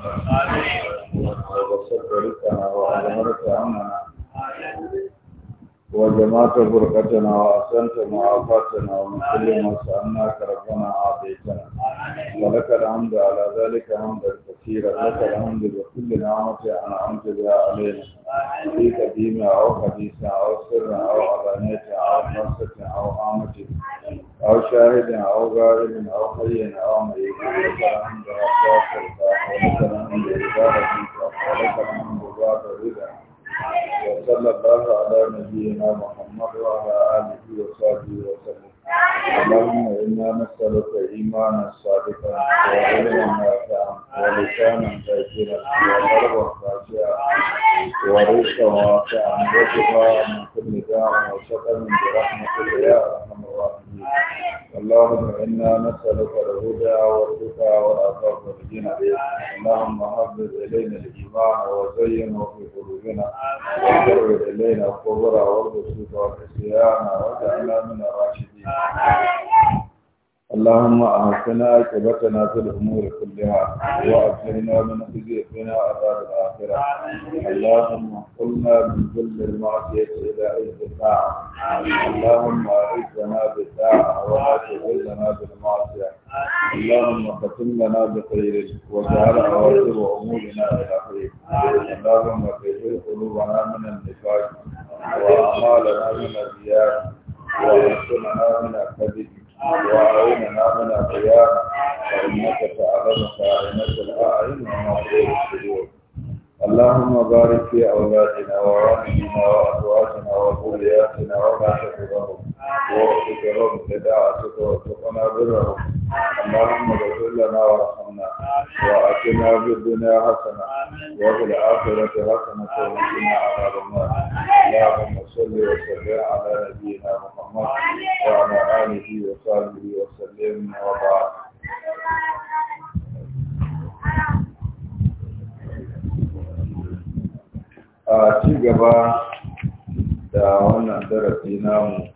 وبسط رزقنا وأظهرت أمنا وجمعت بركتنا وأحسنت معافاتنا ومن كل ما سألناك ربنا أعطيتنا ولك الحمد على ذلك حمدا كثيرا لك الحمد بكل نعمة أنعمت بها علينا في قديمة أو حديثة أو سر أو علانية أو خاصة أو عامة أو شاهد أو غائب أو حي أو مريض وصلى الله على نبينا محمد وعلى آله وصحبه وسلم اللهم إنا نسألك إيمانا صادقا وعلما نافعا ولسانا ذاكرا وقلبا خاشعا ورزقا واسعا وشفاء من كل داع وسقما برحمتك يا أرحم الراحمين اللهم إنا نسألك الهدى والرفع والعفاف والغنى اللهم حبب إلينا الإيمان وزينه في قلوبنا وكره إلينا الكبر والبسوط والعصيان واجعلنا من الراشدين اللهم أعطنا عاقبتنا في الأمور كلها وأجرنا من خزي بنا عذاب الآخرة اللهم قلنا من كل المعصية إلى أي الساعة اللهم أعزنا بالساعة ولا تذلنا بالمعصية اللهم ختم لنا بخير وجعل عواقب أمورنا إلى خير اللهم طهر قلوبنا من النفاق وأعمالنا من الرياء وأرسلنا من الكذب وأعين عمل القيام فإنك تعلم كائنة الأعين وما في الصدور اللهم بارك في أولادنا ووالدنا وأزواجنا وذرياتنا وما شكرهم ووفقهم لدعتك وارزقنا برهم اللهم اغفر لنا وارحمنا وأتنا في الدنيا حسنة وفي الآخرة حسنة وقنا عذاب النار اللهم صل وسلم على نبينا محمد وعلى آله وصحبه وسلم وبارك a آه، ci gaba da wannan darasi namu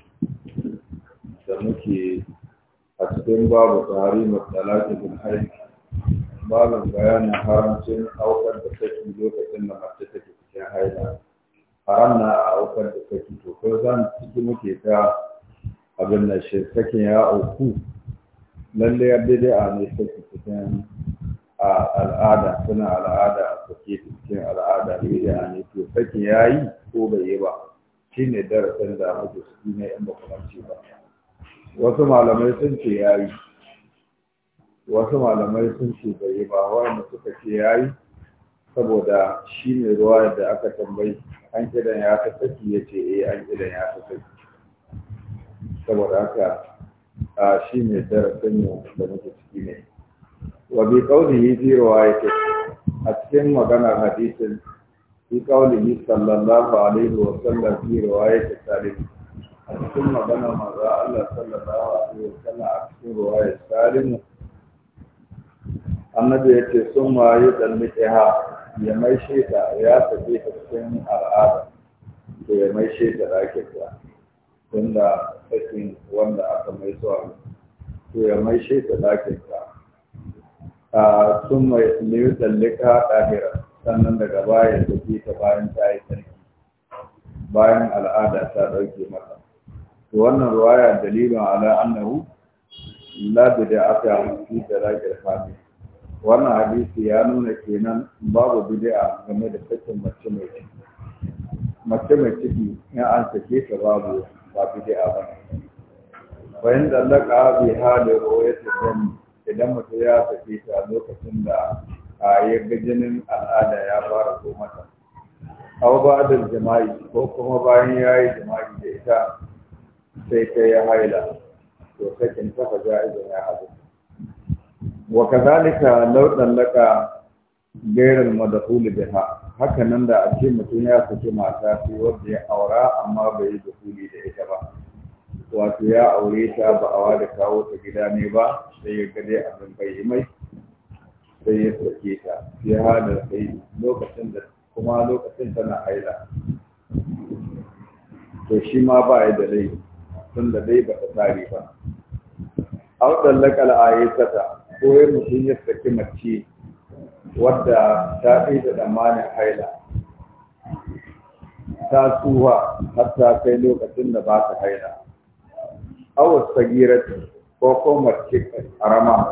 da muke a cikin babu talatin harki malam bayanin haramcin aukar da saki lokacin da mace take cikin haila haram na aukar da saki to ko zan ciki muke ta abin da shi sakin ya auku lalle ya daidai a ne saki cikin al'ada suna al'ada a saki, cikin al'ada ne da ne to sakin ya yi ko bai yi ba shine darasin da muke ciki ne in ba kuma ba wasu malamai sun ce ya yi wasu malamai sun ce bai ba wanda suka ce ya yi saboda shi ne ruwa da aka tambayi an kidan ya ta saki ya ce eh an kidan ya ta saki saboda haka a shi ne darasin mu da muke ciki ne wa bi qawlihi fi yake? a cikin maganar hadisin fi yi sallallahu alaihi wa sallam fi riwayati salim a cikin maganar maza Allah sallallahu alaihi wa sallam a cikin riwayati Salimu? annabi ya ce sun mayu ɗalmike ha ya mai shaida ya tafi cikin al'ada da ya mai sheta ɗakin ta tunda sakin wanda aka mai zuwa. to ya mai ake kira a sun mai liyu ɗallika ɗahira sannan daga baya ya tafi ta bayan ta yi sarki bayan al'ada ta ɗauke mata to wannan ruwaya dalilin ala annahu la da aka yi da rakir hamid wannan hadisi ya nuna kenan babu bid'a game da sakin mace mai ciki mace mai ciki in an sake ta babu ba bid'a ba bayan da laka bi halin roye ta sani idan mutum ya sake ta lokacin da a yaga jinin al'ada ya fara ko mata aw ba da jima'i ko kuma bayan ya yi jima'i da ita sai ta ya haila to sakin ta fa ja'izun ya hadu wa kazalika law dallaka gairar madahuli biha haka nan da a ce mutum ya saki mata shi wanda ya aura amma bai yi dukuli da ita ba wato ya aure ta ba awa da kawo ta gida ne ba sai ya gade abin bai mai sai ya sake ta ya hada sai lokacin da kuma lokacin tana haila to shi ma ba ya da laifi tun da dai ba ta tare ba. Auɗan lakal ko mutum ya saki mace wadda ta fi da damanin haila ta tsuwa har ta kai lokacin da ba ta haila awas sagirati ko ko mace karama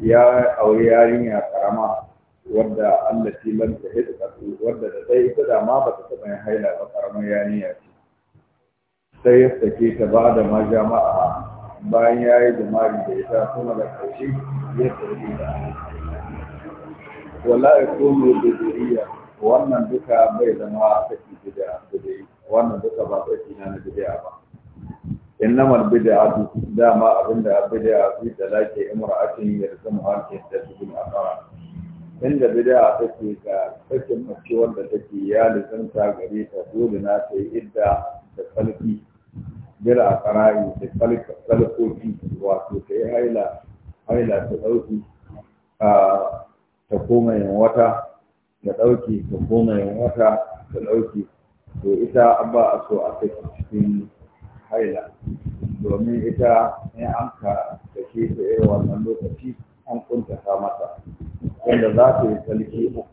ya aure ya karama wadda Allah shi lam ta hita wadda da sai ita da ma ba ta taɓa yin haila ba karamar yarinya ce sai ya sake ta ba da majama'a bayan ya yi jimari da ita kuma da ƙarshe ya tafi da wallahi ko da bidiriya wannan duka bai zama a saki bid'a dai, wannan duka ba saki na na gida ba In innamal bid'atu dama abinda bid'a fi talaqi imra'atin yarzumu harkin tasbih akara inda bid'a ke ga sakin mace wanda take ya lizanta gare ta dole na ta yi idda da kalfi bila a tsarari da tsalkoki wato ta yi haila haila ta ɗauki ta koma wata ta ɗauki ta koma wata ta ɗauki to ita ba a so a kai cikin haila domin ita ne an ka ke ta irin wannan lokaci an kunta mata wanda za ta yi tsarki uku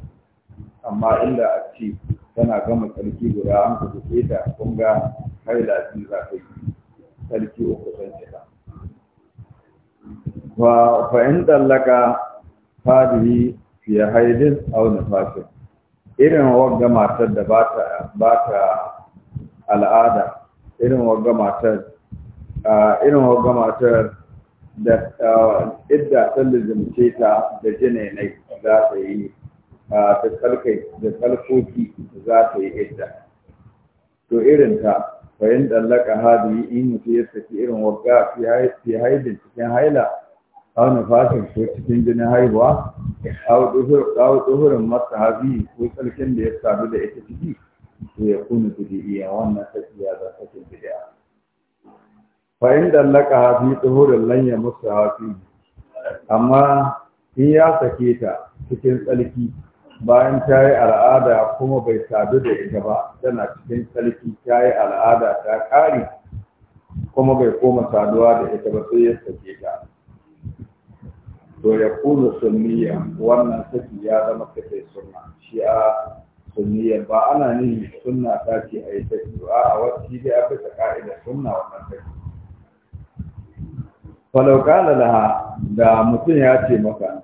amma inda a ce tana gama tsarki guda an ka buke ta kun ga har da shi za ka yi tsarki uku san cika wa fa in dallaka fadihi fi haidin aw nafasin irin wagga matar da ba ta ba ta al'ada irin wagga matar irin wagga matar da idda tsallin lizimce ta da jinai za ta yi da kalkai da kalkoki za ta yi idda to irin ta bayan dallaka hadi in mutu ya saki irin wagga fi haidin cikin haila aw nafasin ko cikin jinin haihuwa aw duhurin masa habi ko tsarkin da ya sadu da ita ciki to ya kuna iya wannan tafiya za ta cikin bidi'a fa'in dallaka hafi duhurin lanya musu hafi amma in ya sake ta cikin tsarki bayan ta yi al'ada kuma bai sadu da ita ba tana cikin sarki, ta yi al'ada ta ƙari kuma bai koma saduwa da ita ba sai ya sake ta to ya kula sunniya wannan saki ya zama sake sunna shi a sunniya ba ana nihin sunna ta ce a yi saki ba a wasu dai aka ta ka'idar sunna wannan saki falau kala da mutum ya ce maka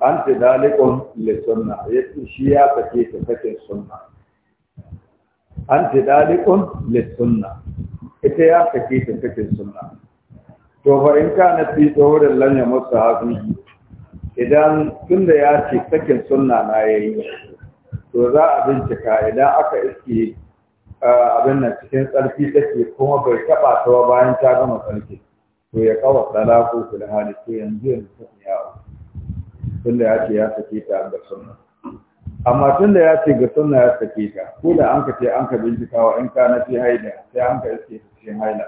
an ta dalikon lissunna ya ce shi ya sake ta sakin sunna an ta dalikon lissunna ita ya sake ta sakin sunna to fa in ka na fi tsohurin lanya masu hafi idan tun da ya ce sakin sunna na ya yi to za a bincika idan aka iske abin nan cikin tsarki take kuma bai taɓa ta bayan ta gama tsarki to ya kawo tsara ko filhali ko yanzu yanzu ta yawo tunda ya ce ya sake ta ga sunna amma tunda ya ce ga sunna ya sake ta ko da an ka ce an ka bincikawa in ka na fi haida sai an ka iske ta cikin haila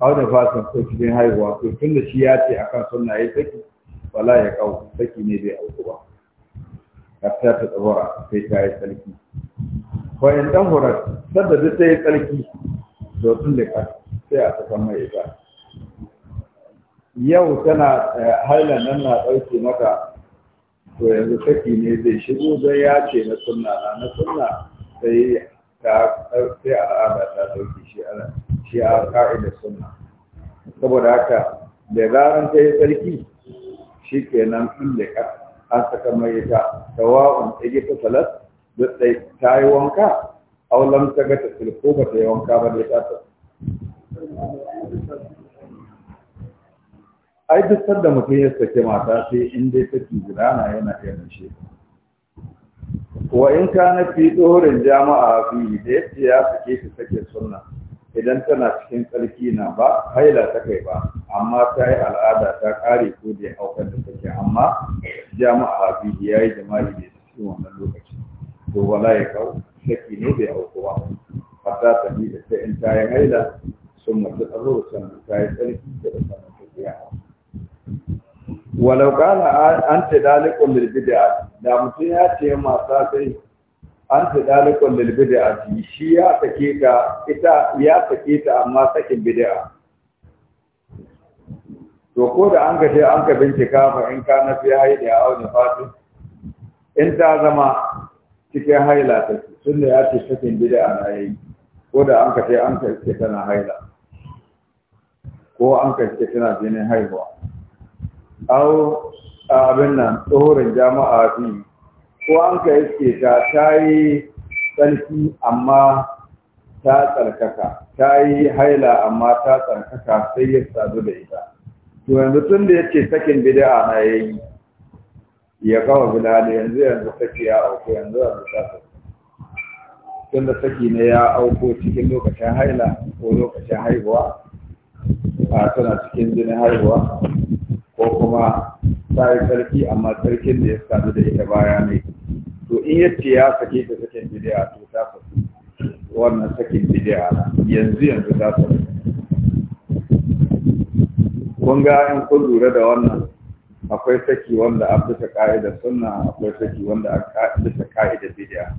au da fasin ko cikin haihuwa to tunda shi ya ce akan sunna ya saki wala ya kau saki ne bai auku ba hatta ta tsabara sai ta yi tsarki ko in dan horar sabda duk ta yi tsarki to tun ka sai a saka mai ita yau tana eh, hailan nan na ɗauke mata to yanzu saki ne zai shigo zai ya ce na sunna na na sunna sai ta sai al'ada ta dauki shi ana shi a ka'ida sunna saboda haka da zaran ta yi sarki shi kenan in da ka an saka mai ta tawa'un ta yi ta salat da ta yi wanka aulam ta ga ta ko ba ta yi wanka ba da ta ai duk sanda mutum ya sake mata sai in dai saki na yana iya mace wa in kana fi dorin jama'a fi da yace ya sake ta sake sunna idan tana cikin tsarki na ba haila ta kai ba amma ta yi al'ada ta kare ko da ya haukar da take amma jama'a fi ya yi jama'i da cikin wannan lokaci to wala ya kawo saki ne bai hauko ba fata ta bi da ta in ta yi haila sun mace tsaro sannan ta yi tsarki da sannan ta biya walau kana an ta dalikon lilbidiya da mutum ya ce mata sai an ta dalikon lilbidiya shi ya sake ta ita ya sake ta amma sakin bidiya to ko da an gaje an ka bincika fa in ka na fi da a da fatu in ta zama cikin haila ta tun da ya ce sakin bidiya na yi ko da an ka ce an ka ce tana haila ko an ka ce tana jinin haihuwa au abin nan tsohon jama'a fi ko an ka iske ta ta yi tsarki amma ta tsarkaka ta yi haila amma ta tsarkaka sai ya sadu da ita to yanzu tun da ya ce sakin bid'a na ya yi ya kawo bilali yanzu yanzu saki ya auku yanzu a ta saki tun da saki ne ya auku cikin lokacin haila ko lokacin haihuwa a tana cikin jinin haihuwa ko kuma ta yi sarki amma sarkin da ya sadu da ita baya ne to in yace ya sake ta sakin bidiya to ta fasu wannan sakin bidiya yanzu yanzu ta fasu kun ga in kun lura da wannan akwai saki wanda a ta ka'ida sunna akwai saki wanda a ta ka'ida bidiya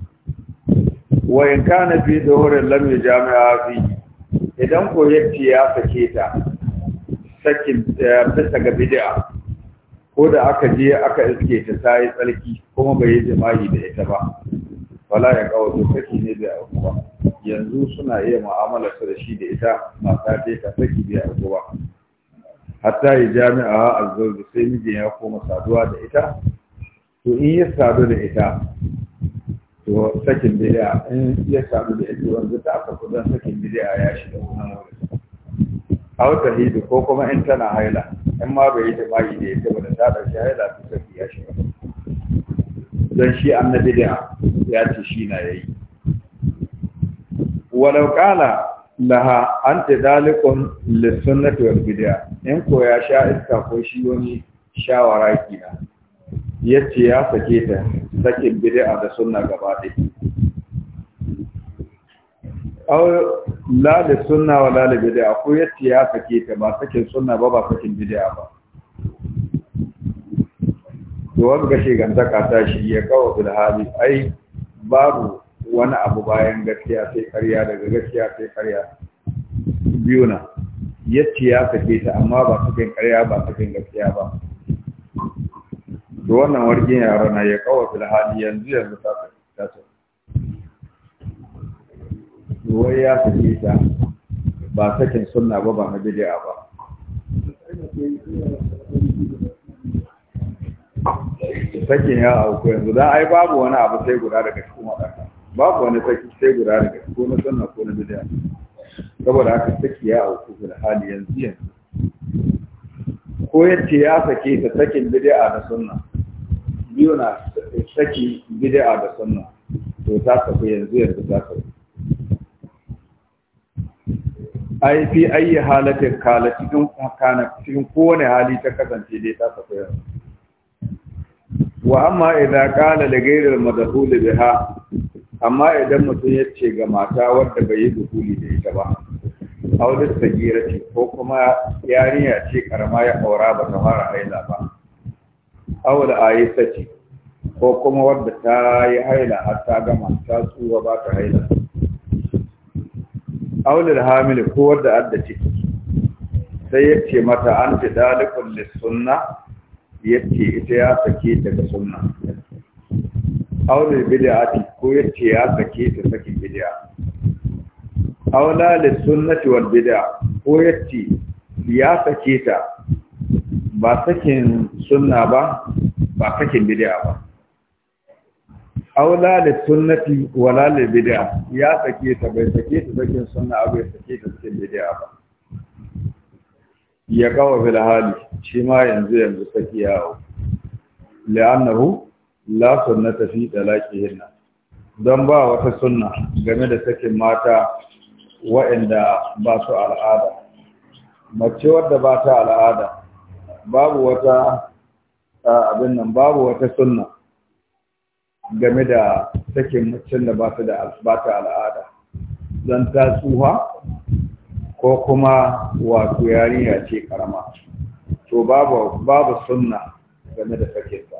wa in kana da dohorin lam jami'a fi idan ko yace ya sake ta sakin eh, bisa ga bid'a ko da aka je aka iske ta sai yi tsarki kuma bai yi jima'i da ita ba wala ya kawo to saki ne da auku ba yanzu suna iya mu'amala su da shi da ita ba ta ta saki bai auku ba hatta ya jami'a azzauji sai miji ya koma saduwa da ita to in ya sadu da ita to sakin bid'a in ya sadu da ita wanzu ta aka kudan sakin bid'a ya shiga wannan wurin aw Hidu ko kuma in tana haila in ma bai yi da mai da yake ba ta ɗauki haila ta saki ya shiga dan shi annabi da ya ce shi na yayi walau qala laha anta dalikun lisunnati wal bid'a in ko ya sha iska ko shi wani shawara kina yace ya sake ta sakin bidi'a da sunna gaba ɗaya aw la da sunna wa la da bid'a ko yace ya sake ta ba sakin sunna ba ba sakin bid'a ba to wanda gashi gantaka ta shi ya kawo bil hali ai babu wani abu bayan gaskiya sai ƙarya daga gaskiya sai ƙarya biyu na yace ya sake ta amma ba sakin ƙarya ba sakin gaskiya ba to wannan wargin yaro na ya kawo bil hali yanzu yanzu ta wai ya sake ta ba sakin suna ba ba na ba sakin ya auku yanzu Za a yi babu wani abu sai guda daga cikin wadanda babu wani sakin sai guda daga ko na suna ko na bid'a saboda haka saki ya auku da hali yanzu yanzu ko yace ya sake ta sakin bidi'a da sunna biyu na saki bidi'a da sunna to ta tafi yanzu yanzu ta tafi ai fi ayi halatin kala cikin kana cikin kowane hali ta kasance dai ta tafiya wa amma idza qala li ghayri al biha amma idan mutum ya ce ga mata wadda bai yi dukuli da ita ba aure sagira ce ko kuma yariya ce karama ya aura ba ta fara haila ba aure ayisa ce ko kuma wadda ta yi haila har ta gama ta tsuwa ba ta haila aulil hamil ko wanda adda ciki sai yace mata an ti dalikun lissunna sunna yace ita ya sake daga sunna aulil bid'ati ko yace ya sake ta sakin bid'a aula sunnati wal bid'a ko yace ya sake ta ba sakin sunna ba ba sakin bid'a ba aula da sunnati wala da bid'a ya sake ta bai sake ta sakin sunna abu ya sake ta cikin bid'a ba ya kawo bil hali shi ma yanzu yanzu saki yawo la'annahu la sunnata fi talaqihin dan ba wata sunna game da sakin mata waɗanda ba su al'ada mace wadda ba ta al'ada babu wata abin nan babu wata sunna game da sakin mutum da ba su da bata al'ada don ta tsuha ko kuma wato yariya ce karama to babu babu sunna game da sakin ta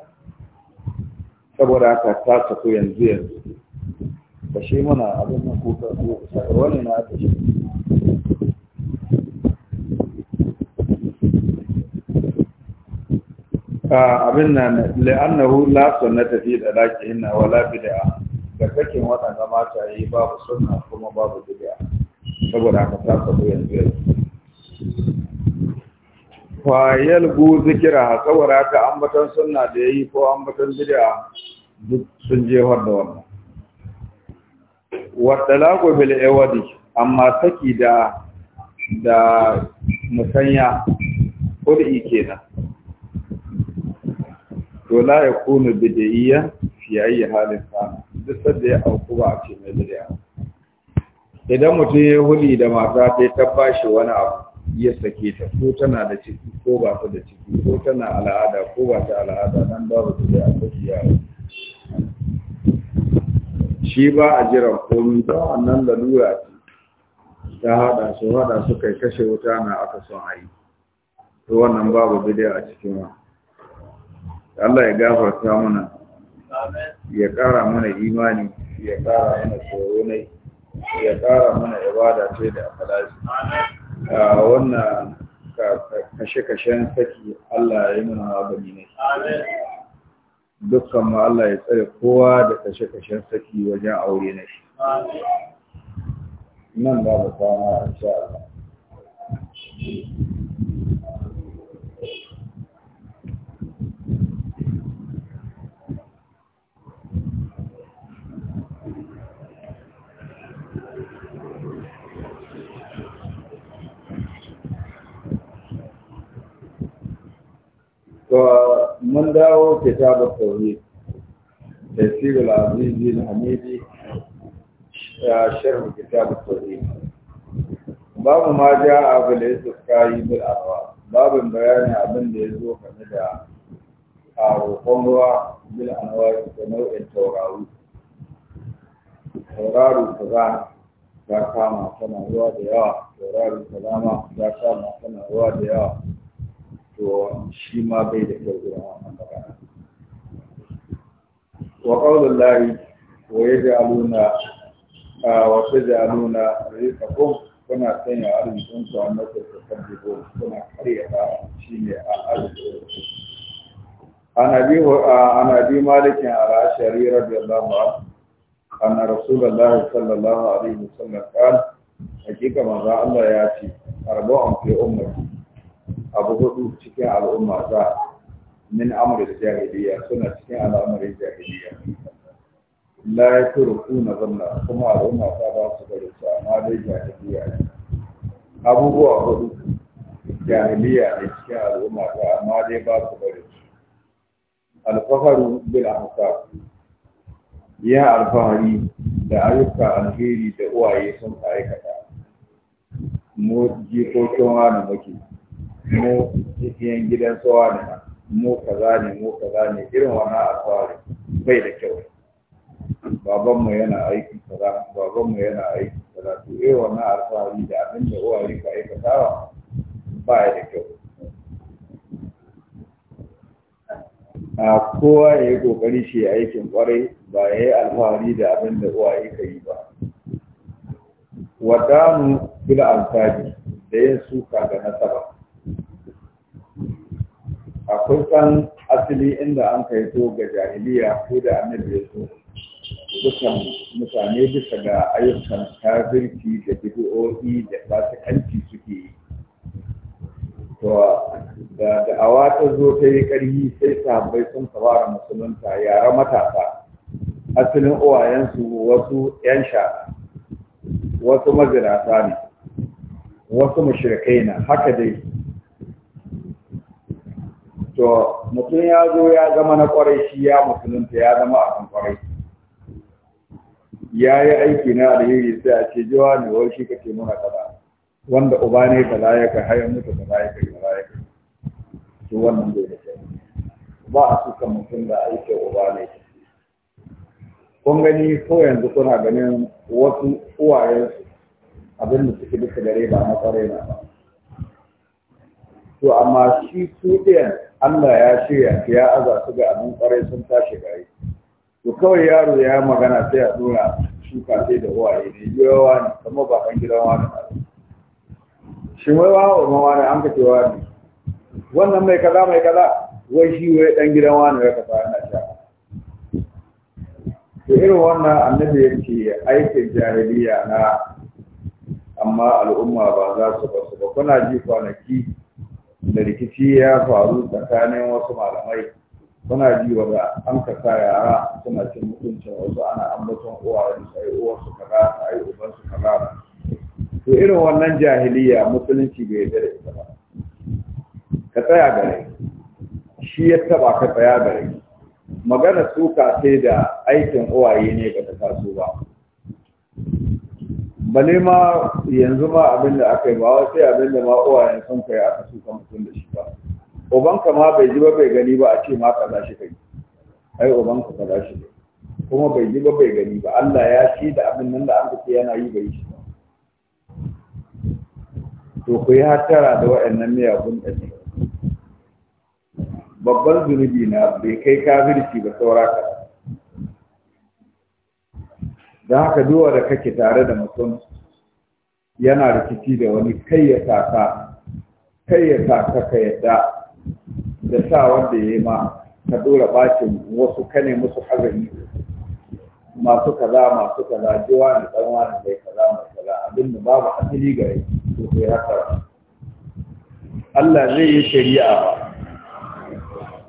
saboda aka ta sako yanzu yanzu ba shi muna abin nan ko ka ko wani na ta shi abin na la'annahu la sunnata fi dalaqihinna wala bid'a ga sakin waɗanda mata yi babu sunna kuma babu bid'a saboda haka ta sabo yanzu yanzu fa bu zikira saboda haka ambaton sunna da yayi ko ambaton bid'a duk sun je har da wannan wa talaqu bil awadi amma saki da da musanya ko da kenan to la ya kunu bidaiya fi ayi halin sa duk sadda ya auku ba a ce mai bid'a idan mutum ya huli da mata ta ta bashi wani abu ya sake ta ko tana da ciki ko ba ta da ciki ko tana al'ada ko ba ta al'ada nan babu da ko yaro shi ba a jiran komi ba wannan lalura ce ta haɗa su haɗa su kai kashe wuta na aka son a yi to wannan babu bidaiya a cikin wa Allah ya gafarta mana ya ƙara mana imani ya ƙara mana tsoro ne ya ƙara mana ibada ce da akalashi a wannan kashe-kashen saki Allah ya yi mana magani ne dukkan ma Allah ya tsare kowa da kashe-kashen saki wajen aure ne nan ba da kwana a Allah to mun dawo kitabar tauhid تيسير العزيز الحميدي شرح كتاب التوحيد باب ما جاء بالاستسقاء بالارواح باب بيان abin da yazo game da a roƙon ruwa bil anwar da nau'in taurari tauraro kaza ta kama tana ruwa da yawa tauraro ruwa da yawa to shi ma bai da kyau irin wannan magana wa qawlul lahi wa yaj'aluna wa taj'aluna rizqakum kuna sanya arzikin ku a nasa ta kaddibo kuna karyata shi ne a arzikin عن ابي مالك a رضي الله عنه أن رسول الله صلى الله عليه وسلم قال حقيقة ما الله ياتي أربع في أمتي abu hudu cikin al'umma za min amrul jahiliya suna cikin al'amarin jahiliya la kuna zanna kuma al'umma ta ba su bari su amma dai jahiliya ne abubuwa hudu jahiliya ne cikin al'umma ta amma dai ba su bari su alfaharu bil ahsab ya alfahari da ayyuka alheri da uwaye sun aikata mu jikokin na muke mu cikin gidan tsawa ne mu kaza ne mu kaza ne irin wannan alfahari bai da kyau babanmu yana aiki kaza babanmu yana aiki kaza to irin wannan alfahari da abin da uwaye ka aikatawa ba da kyau a kowa ya yi kokari shi ya aikin kwarai ba ya yi alfahari da abin da yi ka yi ba mu bila alfahari da yin suka ga nasaba akwai san asali inda an kai to ga jahiliya ko da annabi ya so dukkan mutane bisa ga ayyukan kafirci da bid'o'i da fasikanci suke yi to da da'awa ta zo ta yi ƙarfi sai sahabbai sun fara musulunta yara matasa asalin uwayensu wasu 'yan sha wasu mazinata ne wasu mashirkai na haka dai to mutum ya zo ya zama na kwarai shi ya musulunta ya zama abin kwarai ya yi aiki na alheri sai a ce jiwa ne wai shi ka ce muna kaza wanda uba ne ka kai, hayar mutu ka layaka ka kai. to wannan zai da kyau ba a suka mutum da aikin uba ne kun gani ko yanzu kuna ganin wasu uwayensu abin da suke duka gare ba na kwarai na ba to amma shi su ɗayan Allah ya shirya ya aza su ga abin kwarai sun tashi gari to kawai yaro ya magana sai a nuna shuka sai da waye ne wa ne kuma ba kan gidan wani ba shi wai wa ma wani an kace wani wannan mai kaza mai kaza wai shi wai dan gidan wani ya kasa yana sha to irin wannan annabi ya ce aikin jahiliya na amma al'umma ba za su ba su ba kuna ji kwanaki da rikici ya faru tsakanin wasu malamai suna ji wa an kasa yara suna cin mutuncin wasu ana ambaton uwa da sai su kaza uban su kaza to irin wannan jahiliya musulunci bai yarda da ita ba ka tsaya gare shi ya taba ka tsaya gare magana suka sai da aikin uwaye ne ba ta taso ba bale ma yanzu ma abin da aka yi ba sai abin da ma uwayen sun kai aka ka mutum da shi ba ma bai ji ba bai gani ba a ce ma za shi kai ai shi kuma bai ji ba bai gani ba Allah ya shi da abin nan da an ce yana yi bai shi ba to ku yi hattara da waɗannan miyagun ɗabi'u babban zunubi na bai kai kafirci ba saura ka da haka duwa da kake tare da mutum yana rikici da wani kai ya saka kai ya sa ka ka yadda da sa wanda ya yi ma ka dora bakin wasu kane musu hazari masu kaza masu kaza jiwa da dan wani bai kaza mai kaza abin da babu asali gare to sai haka Allah zai yi shari'a ba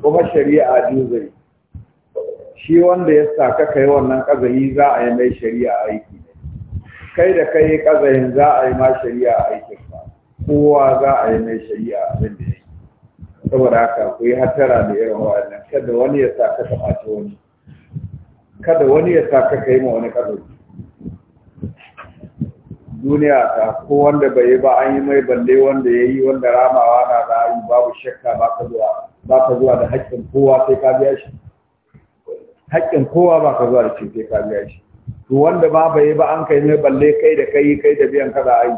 kuma shari'a biyu zai shi wanda ya sa ka kai wannan kazayi za a yi mai shari'a aiki kai da kai kazayin za a yi ma shari'a aiki kowa za a yi mai shari'a abin da ya yi saboda haka ku yi hatara da irin wa'annan kada wani ya sa ka kamace wani kada wani ya sa ka kai ma wani kado duniya ta ko wanda bai yi ba an yi mai balle wanda ya yi wanda ramawa na da yi babu shakka ba ka zuwa ba ka zuwa da haƙƙin kowa sai ka biya shi haƙƙin kowa ba ka zuwa da shi sai ka biya shi to wanda ba bai yi ba an kai mai balle kai da kai kai da biyan ka za a yi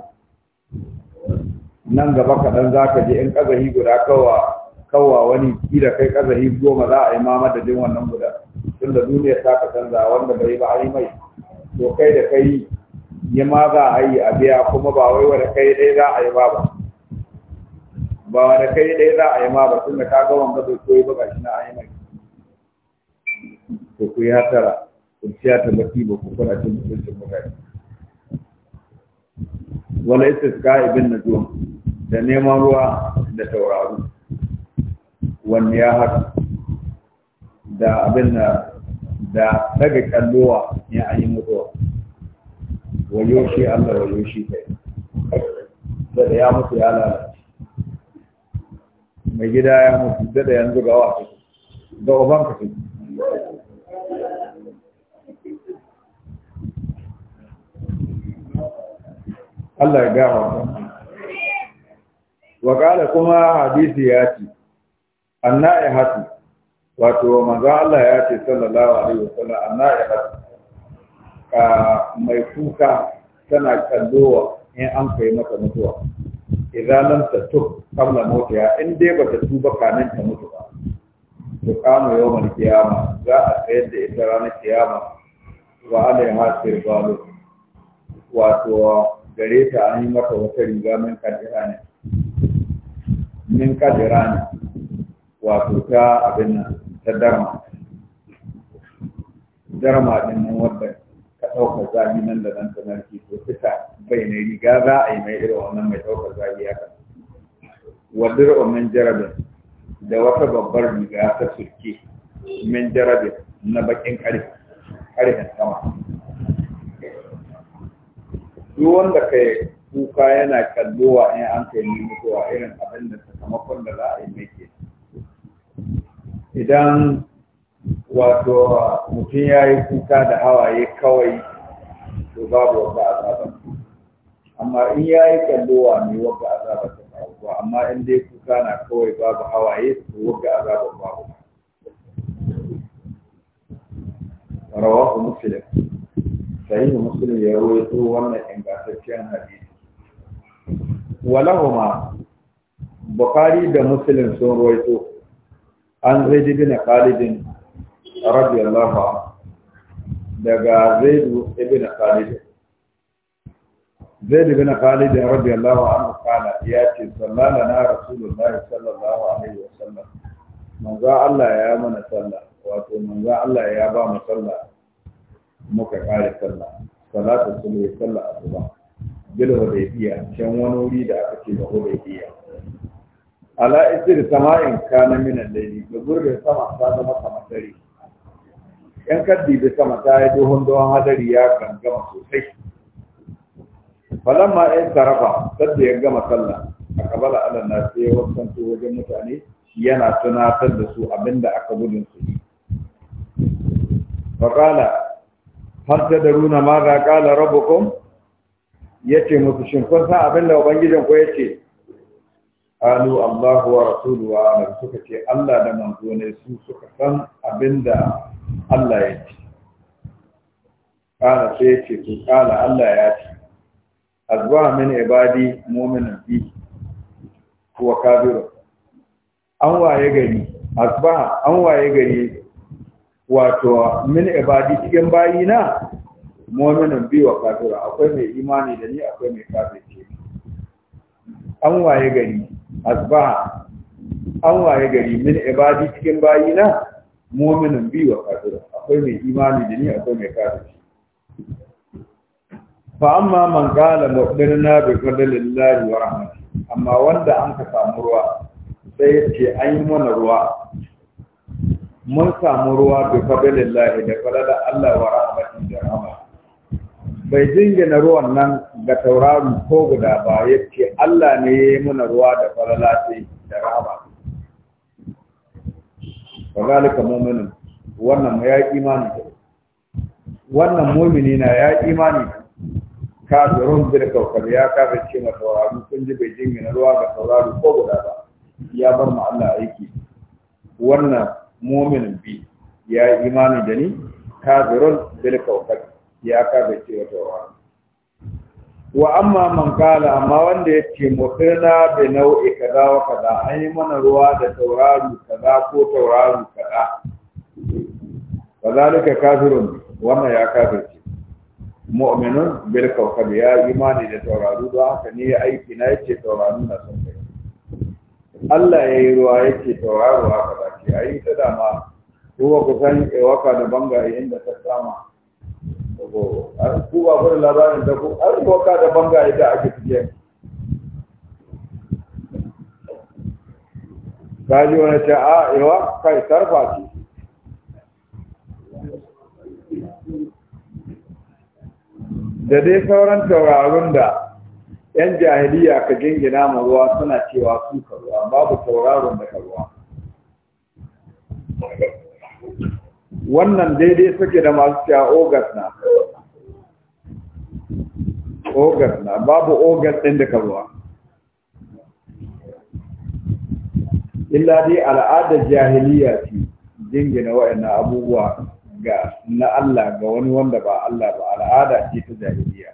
nan gaba kaɗan za ka je in ƙazahi guda kawa kawa wani kila kai ƙazahi goma za a yi ma madadin wannan guda tun da duniya ta ka canza wanda bai ba a yi mai to kai da kai ya ma za a yi a biya kuma ba wai wani kai ɗaya za a yi ba ba ba wani kai ɗaya za a yi ma ba tun da ka ga wanda bai koyi ba shi na a yi mai to ku yi hatara ku ciya ta ba ku kuna cin mutuncin mutane wala istisqa ibn najum da neman ruwa da tauraro wanda ya haɗu? da abin da da daga kallowa ya a yi mutuwa wayo shi Allah wayo shi kai da ya mutu ya lalata. mai gida ya mutu da yanzu ga wa da uban ka Allah ya gawa wa qala kuma hadisi ya ce annaihatu wato manzo Allah ya ce sallallahu alaihi wasallam annaihatu ka mai kuka tana kallowa in an kai mata mutuwa idan lam tatub kamla mautiha in dai ta tuba kanin ta mutu ba to kama yawmal kiyama, za a tsayar da ita ranar kiyama, wa alaiha sirbalu wato gare ta an yi mata wata riga min kadira ne min kadira ne wato ta abin nan ta darma darma din nan wadda ka ɗauka zafi nan da nan ta narki to fita bai na riga za a yi mai irin wannan mai ɗaukar zafi haka wadir min jarabin da wata babbar riga ta surke min jarabin na bakin ƙarfe ƙarfen sama duk wanda kai kuka yana kallowa in an kai ni mutuwa irin abin da sakamakon da za a yi mai idan wato mutum ya yi kuka da hawaye kawai to babu wata azabar amma in ya yi kallowa ne wata azabar ta faruwa amma in dai kuka na kawai babu hawaye to wata azabar babu rawahu muslim sai muslim ya rawaito wannan ingantaccen hadisi walahuma bukhari da muslim sun rawaito an zaid bin khalid radiyallahu anhu daga zaid ibn khalid zaid bin khalid radiyallahu anhu kana ya ce sallana na rasulullahi sallallahu alaihi wasallam manzo Allah ya mana sallah wato manzo Allah ya ba mu sallah muka kare sallah salatu salla sallah asuba bil hudaybiya can wani wuri da aka ce da hudaybiya ala isir sama'in kana min al-layli da gurbin sama ta zama kamar dare yan kaddi da sama ta yi dohon dohon hadari ya gangama sosai falamma ay tarafa sadda ya gama sallah a kabala ala na sai wasanto wajen mutane yana tunatar da su abinda aka gudun su fakala har ta daruna ma za kala rabbukum yace musu shin kun san abin da ubangijin ku yace qalu allahu wa rasuluhu wa alim suka ce Allah da manzo ne su suka san abin da Allah ya ce qala sai ce to qala Allah ya ce azwa min ibadi mu'minan bi wa kafirun an waye gari asbaha an waye gari wato min ibadi cikin bayina na bi biwa kafira akwai mai imani da ni akwai mai kafirci an waye gari asbaha an waye gari min ibadi cikin bayina na bi biwa kafira akwai mai imani da ni akwai mai kafirci fa amma man qala mu'minuna bi fadlillahi wa rahmatihi amma wanda an ka samu ruwa sai ya ce an yi mana ruwa mun samu ruwa bi fadlillahi da falala Allah wa rahmatin da rahama bai jingina ruwan nan ga tauraron ko guda ba yace Allah ne ya yi mana ruwa da falala sai da rahama kazalika mu'minun wannan ya imani wannan mu'mini na ya imani kafirun bil kawkar ya ce ma tauraron kun ji bai jingina ruwa ga tauraron ko guda ba ya bar mu Allah aiki wannan mu'minun bi ya imani da ni kafirun bil kawkab ya kafirce wa tawara wa amma man kala amma wanda ya ce mukhirna bi nau'i kaza wa kaza an yi mana ruwa da tauraro kaza ko tauraro kaza kazalika kafirun wannan ya ce mu'minun bil kawkab ya imani da tauraro don haka ne aiki na yake tauraro na son kai Allah ya yi ruwa yake tauraro haka da ke a yi ta dama ruwa kusan ewaka da banga inda ta sama ku ba ku da labarin da ku an waka da banga yadda ake fiye ka ji wani ce a yawa kai sarfa ce da dai sauran tauraron da yan jahiliya ka gingina ma ruwa suna cewa sun ruwa babu tauraron da ruwa wannan daidai suke da masu cewa ogas na ogas na babu ogas ɗin da ruwa illa dai al'adar jahiliya ce gingina wa'ina abubuwa ga na Allah ga wani wanda ba Allah ba al'ada ce ta jahiliya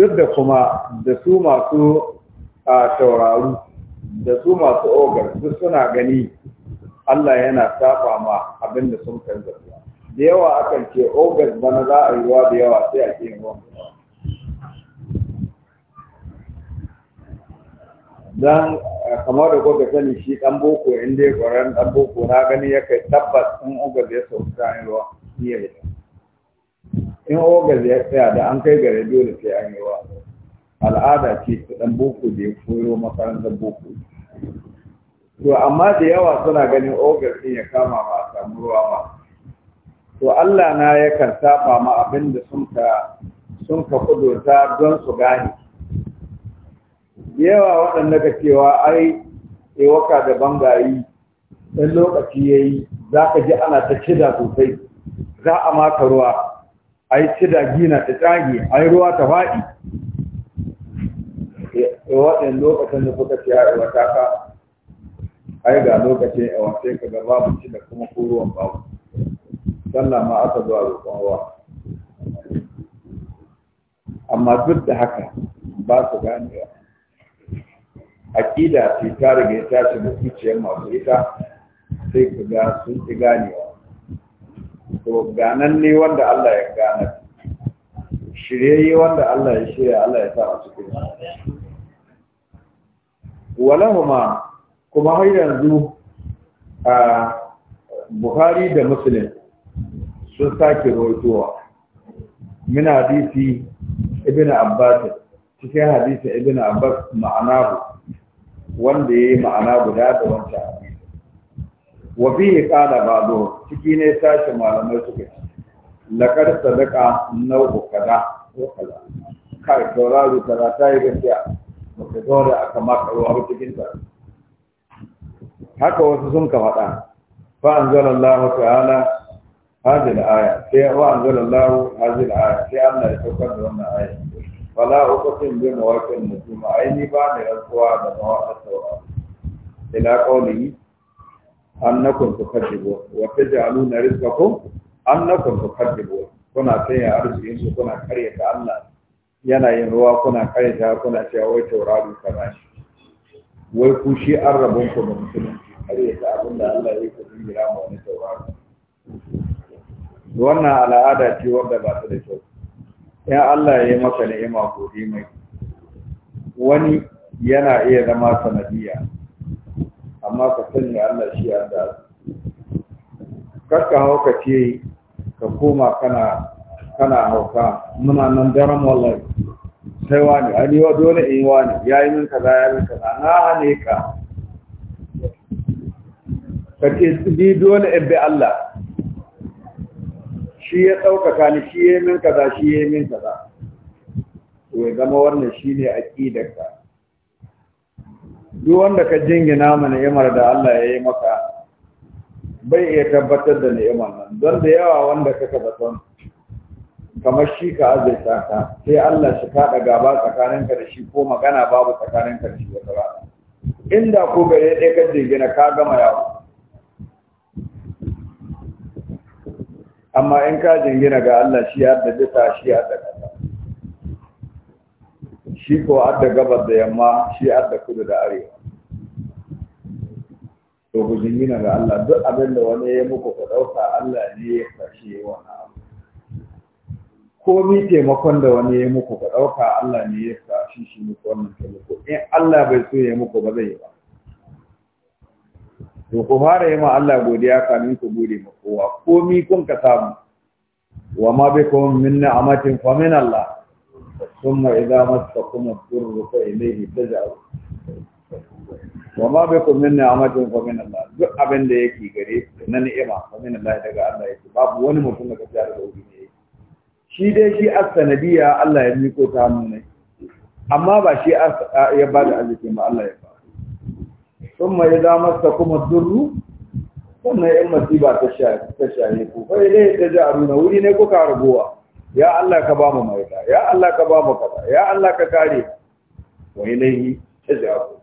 duk da kuma da su masu a tauraru da su masu ogar duk suna gani Allah yana safa ma abin da sun kan da yawa akan ce ogar bana za a yi da yawa sai a ke yin dan kamar da kuka sani shi dan boko in ya dan boko na gani ya kai tabbas in ogar ya sauka yin ruwa in ogas ya tsaya da an kai gare dole sai an yi wa al'ada ce ta dan boko da ya koyo makarantar boko to amma da yawa suna ganin ogas din ya kama ba a samu ruwa ba to Allah na ya karta ba ma abin da sun ka sun ka don su gane yawa waɗanda ka cewa ai e waka da bangayi ɗan lokaci ya yi za ka ji ana ta cida sosai za a maka ruwa Ai ci da gina ta tsage ai ruwa ta faɗi waɗin lokacin da kuka ci a wata ka ai ga lokacin a wasai ka ga babu ci da kuma koruwan babu Sannan ma aka zuwa roƙon ruwa amma duk da haka ba su ganewa aƙida ce ta riga ta shiga zuciyar masu ita sai ku ga sun ci ganewa to ganan ne wanda Allah ya gana shiryayye wanda Allah ya shirya Allah ya sa a cikin walahuma kuma har yanzu a Buhari da Muslim sun sake rawaitowa min hadisi ibn Abbas cikin hadisi ibn Abbas ma'anahu wanda yayi ma'ana guda da wancan wa fihi qala ba'du ciki ne sashen malamai suka ci Lakar sadaka nau'u kaza ko kaza kai sauraro kaza ta yi gaskiya ba ka dora a kama karo a cikin ta haka wasu sun ka faɗa fa anzalallahu ta'ala hadhihi al-aya sai wa anzalallahu hadhihi al-aya sai Allah ya saukar da wannan aya wala uqsim bi mawaqin mutum, aini ba ne rasuwa da mawaqin sawa ila qawlihi annakum tukadibu wa taj'aluna rizqakum annakum tukadibu kuna taya arzikin su kuna karyata Allah yana yin ruwa kuna karyata kuna cewa wai tauraro kaza shi wai ku shi an rabon ku da musulunci karyata abin da Allah ya ku jira mu wani tauraro wannan al'ada ce wanda ba ta da kyau in Allah ya yi maka ni'ima godi mai wani yana iya zama sanadiyya amma ka sani Allah shi ya da kakka ka ce ka koma kana kana hauka muna nan daren wallahi sai wani a wa dole in wani ya yi min kaza ya min kaza na hane ka ka ce bi dole in bi Allah shi ya ɗaukaka ni shi ya yi min kaza shi ya yi min kaza to ya zama wannan shine ka duk wanda ka jingina ma ni'imar da Allah ya yi maka bai iya tabbatar da ni'imar nan don da yawa wanda kaka son kamar shi ka azai ka sai Allah shi kaɗa gaba tsakaninka da shi ko magana babu tsakaninka da shi da rana inda ko gare ɗaya ka jingina ka gama yawa. amma in ka jingina ga Allah shi ya da bisa shi ya da shi ko adda gabas da yamma shi adda kudu da arewa to ku jingina ga Allah duk abin da wani ya muku ku ɗauka Allah ne ya kashe wani abu mi taimakon da wani ya muku ku ɗauka Allah ne ya kashe shi muku wannan taimako in Allah bai so ya muku ba zai yi ba to ku fara yi ma Allah godiya kamin ku gode ma kowa mi kun ka samu wa ma bikum min ni'amatin fa min Allah ثم إذا مسكم الضر فإليه تجأرون وما بكم من نعمة فمن الله duk من da yake gare ku فمن الله famin Allah daga Allah yake babu wani mutum da ne shi dai shi as-sanadiyya Allah ya miko ta hannu amma ba shi ya ba da arziki ma Allah ya ba thumma idza durru masiba ta shaye ta wuri ne ko ka rabuwa ya Allah ka ba mu maida ya Allah ka ba mu kaza ya Allah ka kare wa ilaihi taj'alu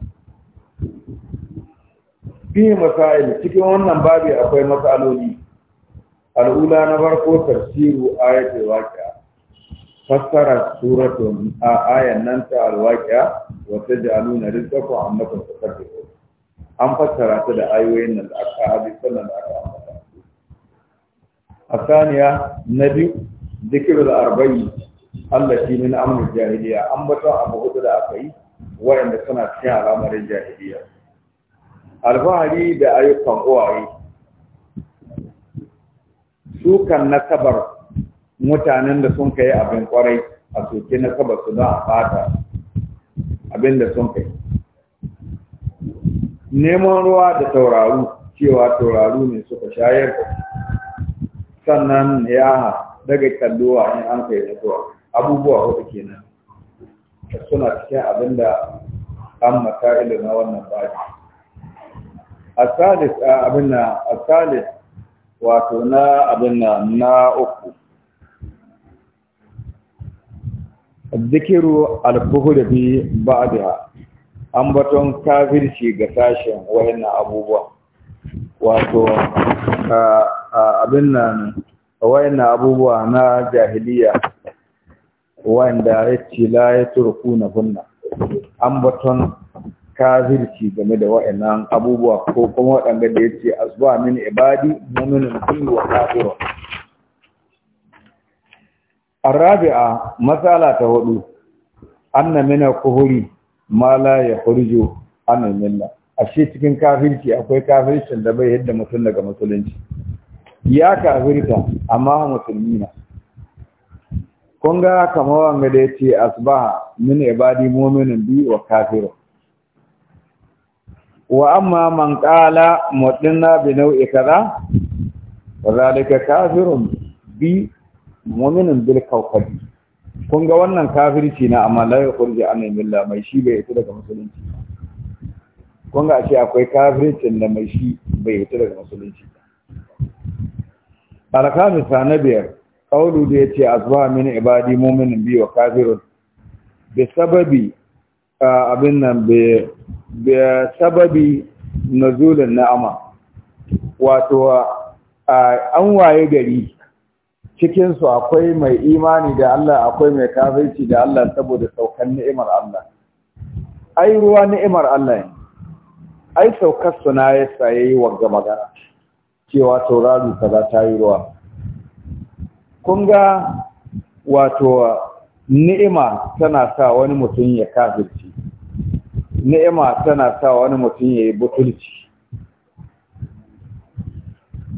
bi masail cikin wannan babi akwai masaloli al'ula na farko tafsiru ayatul waqi'a fassara suratun a ayan nan ta alwaqi'a wa taj'aluna rizqakum annakum takabbirun an fassara ta da ayoyin nan da aka hadisan nan da aka A asaniya na biyu da arba'i Allah shi min amrul jahiliya an bata abu hudu da aka yi wayanda suna cikin al'amarin jahiliya alfahari da ayyukan uwaye sukan nasabar mutanen da sun kai abin kwarai a soke nasabar su don a fata abin da sun kai neman ruwa da tauraru cewa tauraru ne suka shayar sannan ya daga kalluwa in an kai zuwa, abubuwa hudu kenan suna cikin abin da an masailu na wannan baji a abin na asalis wato na abin na na uku zikiru alkuhuri bi ba'daha baton kafirci ga sashen wayannan abubuwa wato abin nan wayanna abubuwa na jahiliya wanda yace la na hunna an baton kafirci game da wayannan abubuwa ko kuma wadanda da a asba min ibadi mu'minun bi wa kafirun الرابعة مسألة هدو أن Kuhuri ma la لا يخرج عن الملة ashe cikin kafirci akwai kafircin da bai yadda mutum daga musulunci ya kafirta amma musulmi na kun ga kamar wanga da ce asbaha min ibadi mu'minun bi wa kafirun wa amma man qala mudinna bi nau'i kaza wa zalika kafirun bi muminin bil kawkabi kun ga wannan kafirci na amma la yaqulji anil billah mai shi bai fita daga musulunci kun ga ce akwai kafircin da mai shi bai fita daga musulunci alkamis na biyar ƙaulu da ya ce zuwa mini ibadi mominin biyu a kafirun bi sababi abin nan bi sababi zulun na'ama wato an waye gari cikinsu akwai mai imani da Allah akwai mai kafirci da Allah saboda saukan ni'imar Allah ai ruwa ni'imar Allah ne ai saukar suna na yasa yayi wagga magana cewa taurari kaza ta yi ruwa kun ga wato ni'ima tana sa wani mutum ya kafirci ni'ima tana sa wani mutum ya yi butulci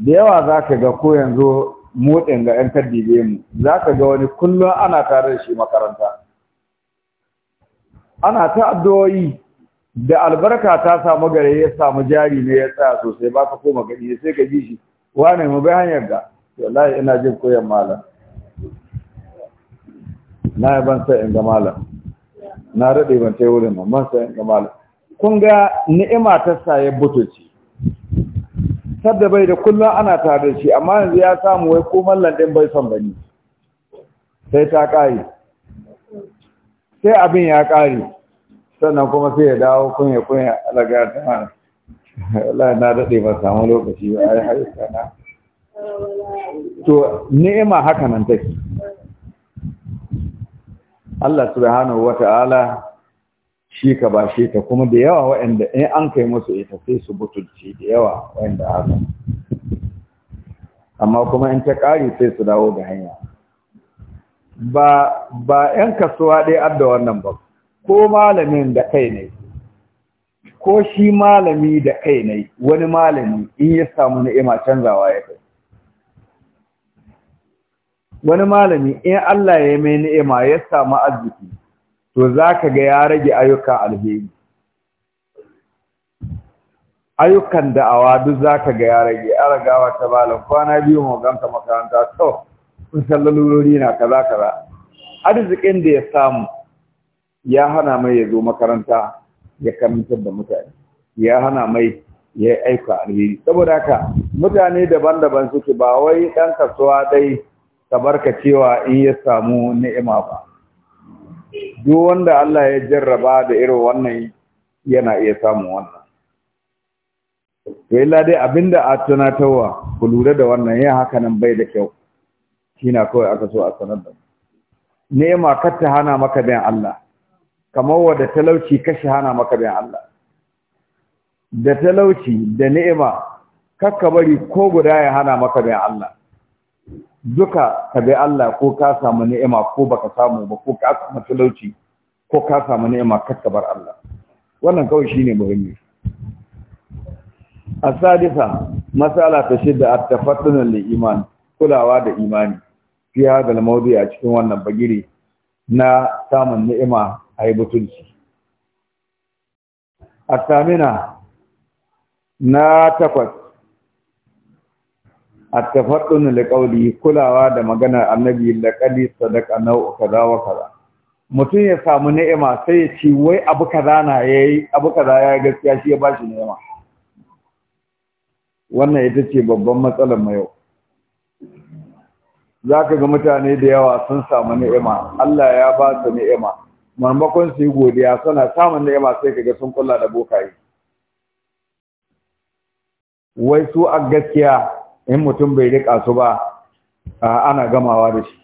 da yawa za ka ga ko yanzu motsin ga 'yan kaddibe mu za ka ga wani kullum ana tare da shi makaranta ana ta addu'o'i da albarka ta samu gare ya samu jari ne ya tsaya sosai ba ka koma gani sai ka ji shi wane mu bai hanyar ga wallahi ina jin koyan malam na yi ban sai in ga malam na rade ban sai wurin nan ban sai in ga malam kun ga ni'ima ta saye butoci sadda bai da kullum ana tare da shi amma yanzu ya samu wai ko mallan din bai son gani sai ta kare sai abin ya kare sannan kuma sai ya dawo kunya kunya alaga ta Allah na daɗe ba samu lokaci ba yi haifar na to ni'ima haka nan take Allah subhanahu ta'ala shi ka ba shi ta kuma da yawa waɗanda in an kai musu ita sai su butulci da yawa waɗanda haka amma kuma in ta ƙari sai su dawo ga hanya ba ba 'yan kasuwa ɗaya adda wannan ba ko malamin da kai ne ko shi malami da kai ne wani malami in ya samu ni'ima canzawa ya kai wani malami in Allah ya mai ni'ima ya samu arziki to zaka ga ya rage ayyukan alheri ayyukan da'awa duk zaka ga ya rage an ragawa ta malam? kwana biyu mu ganta makaranta to kun sallalurori na kaza kaza arzikin da ya samu ya hana mai ya zo makaranta ya karantar da mutane ya hana mai ya aika alheri saboda haka mutane daban-daban suke ba wai ɗan kasuwa dai tabarka cewa in ya samu ni'ima ba duk wanda Allah ya jarraba da irin wannan yana iya samun wannan to illa dai abinda a tunatarwa ku lura da wannan ya haka nan bai da kyau na kawai aka so a sanar da ni'ima kar ta hana maka bayan Allah kamar wadda talauci kashi hana maka bin Allah da talauci da ni'ima kakka bari ko guda ya hana maka bin Allah duka ka bi Allah ko ka samu ni'ima ko baka samu ba ko ka samu talauci ko ka samu ni'ima kakka bar Allah wannan kawai shine muhimmi asadisa masala ta shidda at-tafattun da iman kulawa da imani fi da mawdi a cikin wannan bagire na samun ni'ima a yi mutunci a samina na takwas a tafaɗin kulawa da maganar annabi laƙali sadaka nau'u kaza wa kaza mutum ya samu ni'ima sai ya ci wai abu kaza na yayi abu kaza ya gaskiya shi ya bashi ni'ima wannan ita ce babban matsalar mu Za ka ga mutane da yawa sun samu ni'ima Allah ya ba su ni'ima maimakon su yi godiya suna samun ni'ima sai ga sun kulla da bokaye wai su a gaskiya in mutum bai rika su ba ana gamawa da shi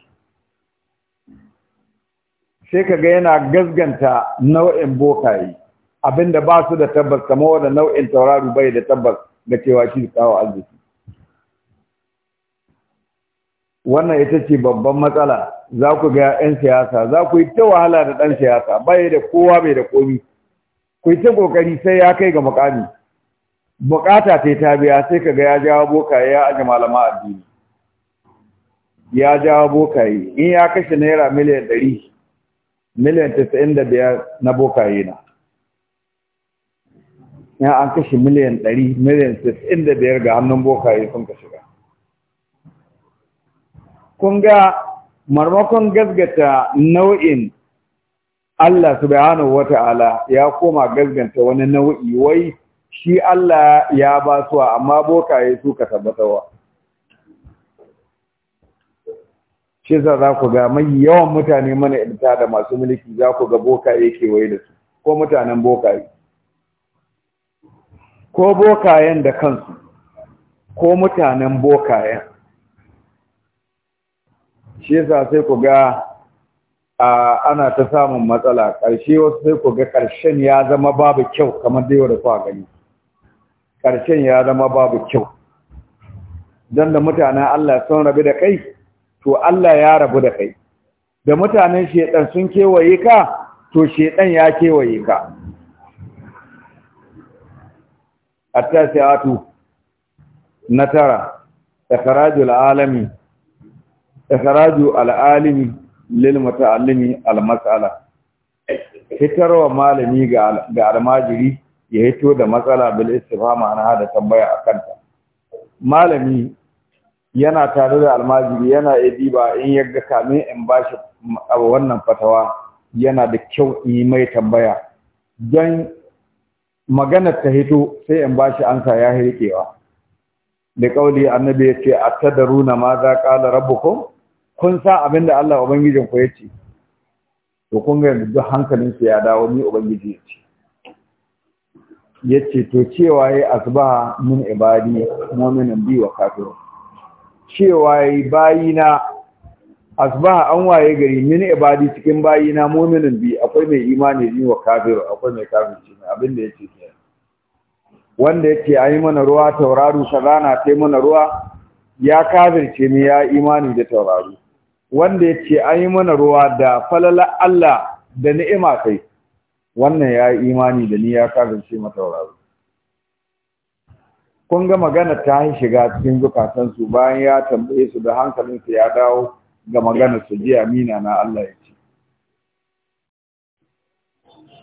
sai kaga yana gasganta nau'in bokaye abinda ba su da tabbas kamar wanda nau'in taurari bai da tabbas da cewa shi kawo arziki wannan ita ce babban matsala za ku ga 'yan siyasa za ku yi ta wahala da ɗan siyasa bai da kowa bai da komi ku yi ta ƙoƙari sai ya kai ga mukami bukata ta ta biya sai ka ga ya jawo bokaye ya aje malama addini ya jawo bokaye in ya kashe naira miliyan ɗari miliyan tasa'in da biyar na bokaye na ya an kashe miliyan ɗari miliyan tasa'in da biyar ga hannun bokaye sun ka shiga kun ga marmakon gasgata nau'in Allah subhanahu wata'ala ya koma gasganta wani nau'i wai shi Allah ya ba su amma bokaye su ka tabbatawa shi za za ku ga mai yawan mutane mana ilta da masu mulki za ku ga bokaye ke wai da su ko mutanen bokaye ko bokayen da kansu ko mutanen bokayen shi yasa sai ku ga ana ta samun matsala ƙarshe wasu sai ku ga ƙarshen ya zama babu kyau kamar da yau da kuwa gani ƙarshen ya zama babu kyau don da mutanen Allah sun rabu da kai to Allah ya rabu da kai da mutanen shaidan sun kewaye ka to shaidan ya kewaye ka A na tara, tara ikhrajul alami. ikhraju al'alimi alimi lil muta'allimi al-mas'ala hitarwa malami ga ga almajiri ya hito da matsala bil istifham ana da tambaya akan ta malami yana tare da almajiri yana ediba in yaga kame in bashi wannan fatawa yana da kyau in yi mai tambaya don maganar ta hito sai in bashi ansa ya hirkewa da kauli annabi ya ce a ma za ƙala rabbukum kun sa abin da Allah ubangijin ku ya ce to kun ga duk hankalin su ya dawo ni ubangiji ya ce yace to cewa yi asbaha min ibadi mu'minin bi wa kafiru. cewa yi bayina asbaha an waye gari min ibadi cikin bayina mu'minin bi akwai mai imani ni wa kafiru akwai mai kafirci abin da yace ce. wanda a ayi mana ruwa tauraru kazana tai mana ruwa ya kafirce ni ya imani da tauraru wanda ya ce an yi mana ruwa da falala Allah da ni'ima kai wannan ya yi imani da ni ya kagance mata wurare kun ga magana ta yi shiga cikin zukatansu bayan ya tambaye su da hankalinsu ya dawo ga magana su ji amina na Allah ya ce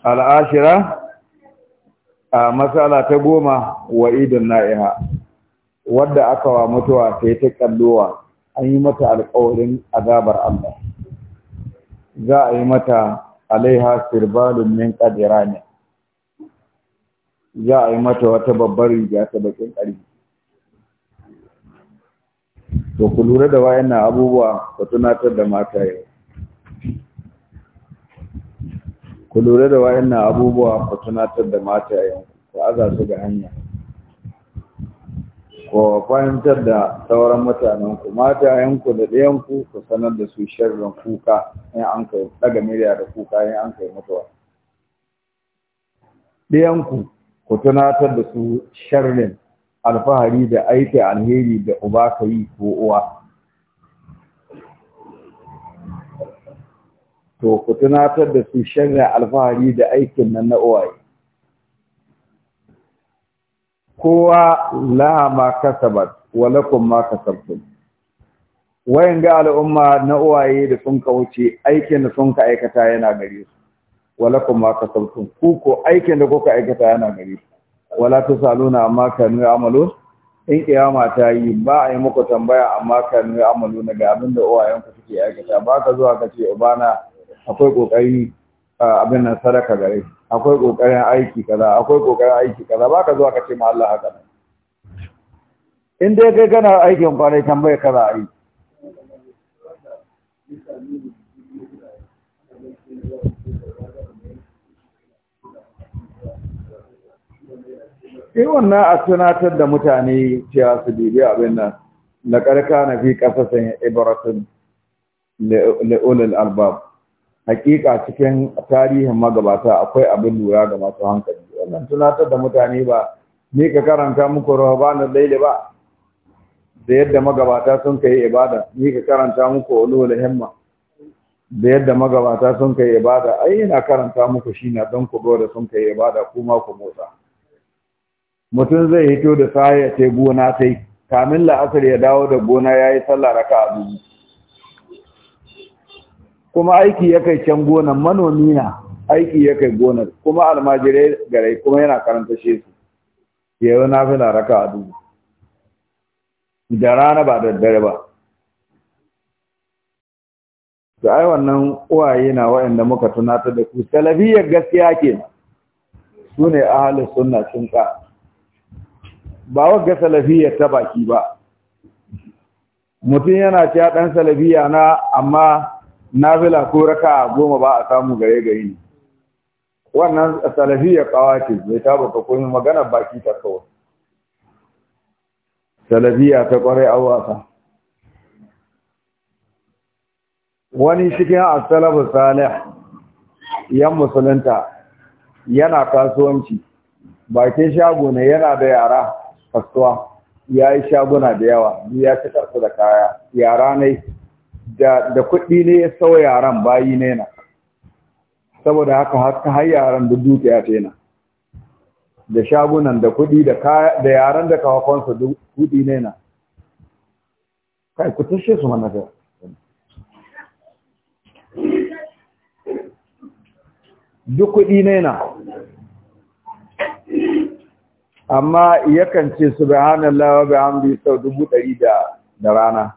al'ashira a matsala ta goma wa idon na'iha wadda aka wa mutuwa sai ta kallowa an yi mata alƙawarin azabar Allah za a yi mata alaiha sirbalun min qadirani za a yi mata wata babbar riga ta bakin ƙari to ku lura da wayannan abubuwa ku tunatar da mata yau ku lura da wayannan abubuwa ku tunatar da mata yau ku aza su ga hanya wa fahimtar da sauran mutanen ku matayenku da ɗayanku ku sanar da su sharrin kuka in an kai daga miliya da kuka in an kai mutuwa ɗayanku ku tunatar da su sharrin alfahari da aiki alheri da uba ka yi ko uwa to ku tunatar da su sharrin alfahari da aikin nan na uwaye kowa laha ma kasabat wa lakum ma kasabtum wayan ga al'umma na uwaye da sun ka wuce aikin da sun ka aikata yana gare su wa lakum ma kasabtum ku ko aikin da kuka aikata yana gare su wala tusaluna amma kanu ya'malun in kiyama ta yi ba a yi muku tambaya amma kanu na ga abin da uwayenku suke aikata ba ka zuwa ka ce ubana akwai kokari abin nan sadaka gare shi akwai kokarin aiki kaza akwai kokarin aiki kaza baka zuwa ka ce ma Allah haka in dai kai kana aikin kwarai tambaye kaza ai Eh wannan a tunatar da mutane cewa su bibi abin nan na karka na fi kasasin ibaratun li'ulul albab hakika cikin tarihin magabata akwai abin lura ga masu hankali wannan tunatar da mutane ba ni ka karanta muku rahabanin laili ba da yadda magabata sun kai ibada ni ka karanta muku ulul himma da yadda magabata sun kai ibada ai ina karanta muku shi na don ku da sun kai ibada kuma ku motsa mutum zai hito da sahi ya ce gona sai kamin la'asar ya dawo da gona yayi sallah raka'a biyu kuma aiki ya kai can gona manomi na aiki ya kai gonar kuma almajirai gare kuma yana karanta shi su na fi raka a dubu da rana ba da dare ba to ai wannan uwaye na waɗanda muka tunatar da ku salafiyar gaskiya ke su ne ahalin sunna sun ka ba wagga salafiyar ta baki ba mutum yana cewa ɗan salafiya na amma nafila ko raka goma ba a samu gare gare ne wannan salafiya kawace mai ta baka koyi magana baki ta kawo salafiya ta kwarai a wasa wani cikin salafu salih yan musulunta yana kasuwanci bakin shago ne yana da yara kasuwa ya yi shaguna da yawa ya ci karsu da kaya yara ne da kuɗi ne ya sau yaran bayi ne na saboda haka ka har yaran duk dukiya ce na da shagunan da kuɗi da kaya da yaran da kawakonsa duk kuɗi ne na kai ku tashi su mana da duk kuɗi ne na amma yakan ce subhanallah wa bihamdihi sau dubu ɗari da rana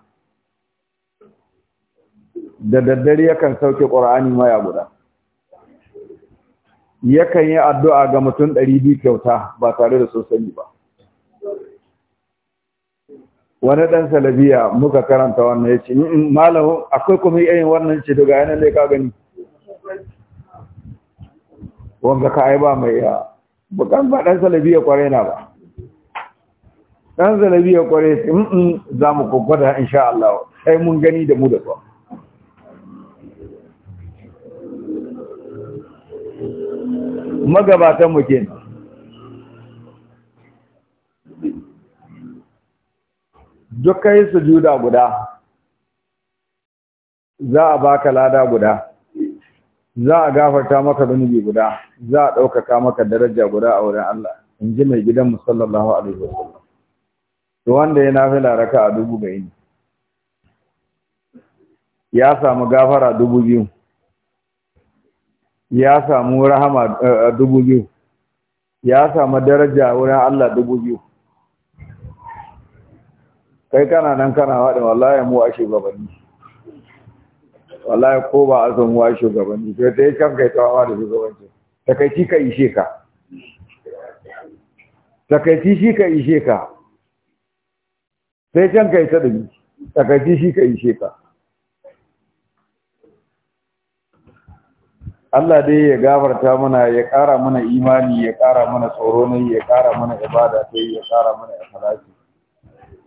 da daddare yakan sauke ƙur'ani maya guda yakan yi addu'a ga mutum ɗari biyu kyauta ba tare da sosai ba wani ɗan salabiya muka karanta wannan ya ce malamu akwai kuma yin wannan ce daga yanar da ka gani wanda ka ai ba mai ya bukan ba ɗan salabiya kware na ba ɗan salabiya kware ce za mu kwakwada insha Allah sai mun gani da mu da kwa magabatan mu kenan duk kai sujuda guda za a baka lada guda za a gafarta maka zunubi guda za a ɗaukaka maka daraja guda a wurin Allah in ji mai gidan musallallahu alaihi wasallam to wanda ya nafila raka a dubu ga ya samu gafara dubu biyu ya samu rahama eh, dubu biyu ya samu daraja wurin Allah dubu biyu kai kana nan kana waɗin wallahi mu a shugabanni wallahi ko ba a son mu a shugabanni sai ta yi can kai wawa da shugabanci takaici ka ishe ka takaici shi ka ishe ka sai can kai ta dubi takaici shi ka ishe ka Allah dai ya gafarta mana ya ƙara mana imani ya ƙara mana tsoro ne ya ƙara mana ibada ta ya ƙara mana ikhlasi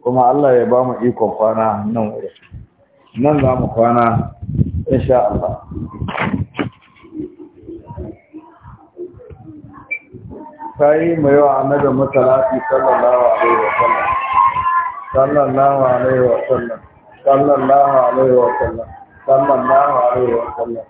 kuma Allah ya ba mu ikon kwana nan wuri nan za mu kwana insha Allah sai mu yi wa annabi musallati sallallahu alaihi wa sallam sallallahu alaihi wa sallam sallallahu alaihi wa sallam sallallahu alaihi wa sallam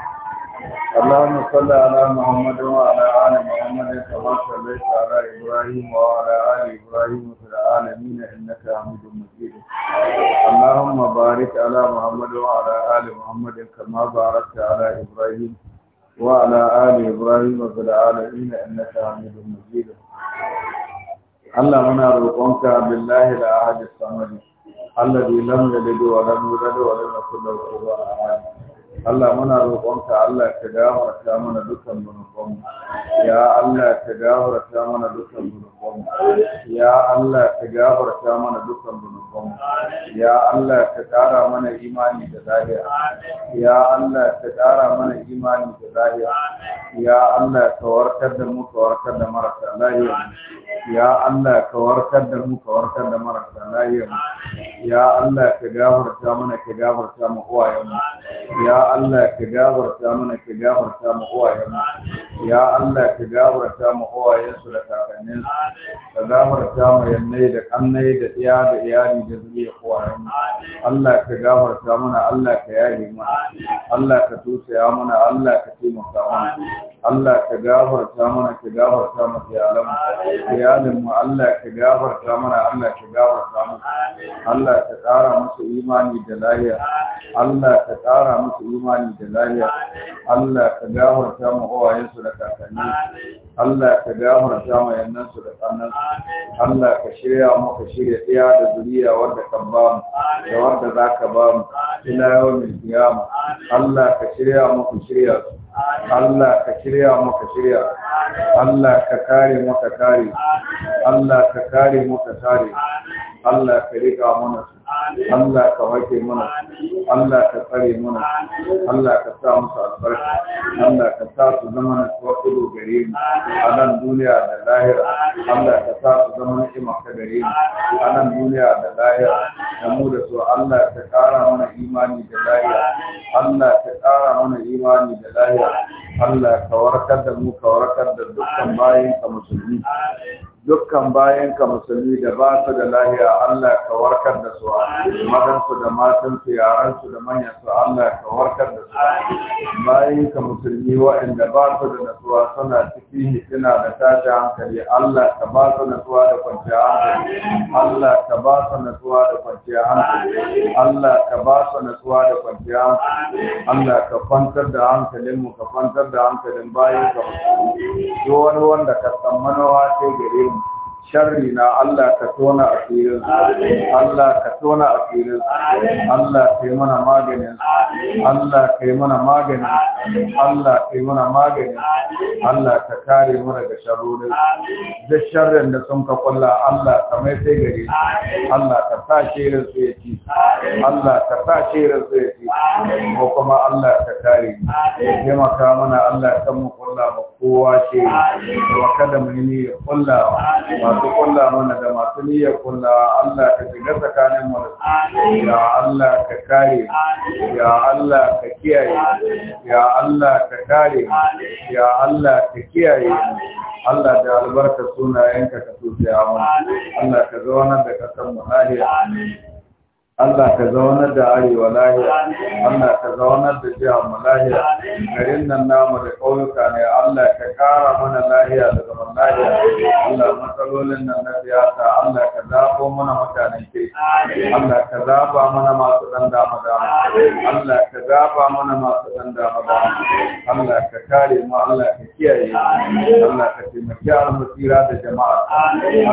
اللهم صل على محمد وعلى آل محمد كما صليت على إبراهيم وعلى آل إبراهيم في العالمين إنك حميد مجيد اللهم بارك على محمد وعلى آل محمد كما باركت على إبراهيم وعلى آل إبراهيم في العالمين إنك حميد مجيد اللهم نرجوك بالله الأحد الصمد الذي لم يلد ولم يولد ولم يكن له كفوا أحد Allah muna roƙonka Allah ka gafarta mana dukkan zunubanmu ya Allah ka gafarta mana dukkan zunubanmu ya Allah ka gafarta mana dukkan zunubanmu ya Allah ka ƙara mana imani da zahira ya Allah ka ƙara mana imani da zahira ya Allah ka warkar da mu ka warkar da marasa lafiya ya Allah ka warkar da mu ka warkar da marasa lafiya ya Allah ka gafarta mana ka gafarta mu uwayenmu ya Allah ka gafarta mana ka gafarta mu uwayenmu ya Allah ka gafarta mu uwayensu da kakanninsu ka gafarta mu yannai da kannai da iya da iyali da zuriya uwayenmu Allah ka gafarta mana Allah ka yaye mana Allah ka tusaya mana Allah ka taimaka mana Allah ka gafarta mana ka gafarta mu iyalanmu mu Allah ka gafarta mana Allah ka gafarta mu Allah ka tsara musu imani da lahiya Allah ka tsara musu imani da lafiya Allah ka gafarta mu uwayensu da kakanni Allah ka gafarta mu yannansu da kannansu Allah ka shirya mu ka shirya iya da zuriya wanda ka ba mu da wanda za ka ba mu ila yawmin qiyama Allah ka shirya mu ka shirya su Allah ka shirya mu ka shirya Allah ka kare mu ka kare Allah ka kare mu ka kare Allah ka rika mana su Allah ka wake mana Allah ka tsare mana Allah ka sa musu albarka Allah ka sa su zama na tsoro gare mu a nan duniya da lahira Allah ka sa su zama na imaka gare mu a nan duniya da lahira da mu da su Allah ka kara mana imani da lahira Allah ka kara mana imani da lahira Allah ka warkar da mu ka warkar da dukkan bayan ka musulmi dukkan bayan ka musulmi da ba su da lahiya Allah ka warkar da su su da matansu yaransu da manyansu Allah ka warkar da su bayan ka musulmi waɗanda ba su da nasuwa suna cikin hitina da tashi hankali Allah ka ba su nasuwa da kwanciya hankali Allah ka ba su nasuwa da kwanciya hankali Allah ka ba su nasuwa da kwanciya hankali Allah ka kwantar da hankalinmu ka kwantar da hankalin bayan ka musulmi duk wani wanda ka san manawa sai gare sharri na Allah ka tona asirin Allah ka tona asirin Allah ka yi mana maganin Allah ka yi mana maganin Allah ka yi mana maganin Allah ka kare mu daga sharrorin da sharrin da sun ka kulla Allah ka mai sai gare Allah ka sa shirin su ya ci Allah ka sa shirin su ya ci ko kuma Allah ka kare ya taimaka mana Allah kan mu kulla mu kowa ce wa kada mu yi kulla wa masu kulla mana da masu niyya kulla Allah ka shiga tsakanin mu ya Allah ka kare ya Allah ka kiyaye ya Allah ka kare ya Allah ka kiyaye Allah da albarka sunayenka ka tuce mana Allah ka zo nan da kasan mu lafiya Allah ka zaunar da arewa lahiya Allah ka zaunar da jiha mu lahiya garin nan namu da ƙauyuka ne Allah ka ƙara mana lahiya da zaman lahiya Allah matsalolin nan na siyasa Allah ka zaɓo mana mutanen ke Allah ka zaɓa mana masu ɗan dama dama Allah ka zaɓa mana masu ɗan dama dama Allah ka kare mu Allah ka kiyaye Allah ka taimaki almasira da jama'a